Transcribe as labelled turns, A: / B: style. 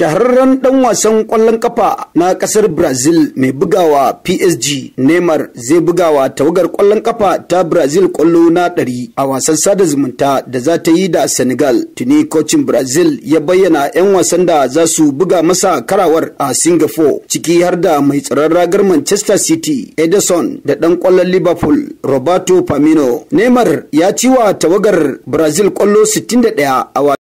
A: shahararren dan wasan kwallon kafa na kasar brazil mai bugawa psg neymar zai bugawa tawagar kwallon kafa ta brazil kwallo na ɗari a wasan sada zumunta da za ta yi da senegal tuni kocin brazil ya bayyana 'yan wasan da za su buga masa karawar a singapore ciki har da mai tsaron ragar manchester city edison da dan kwallon liverpool roberto firmino neymar ya ci wa tawagar brazil kwallo 61 a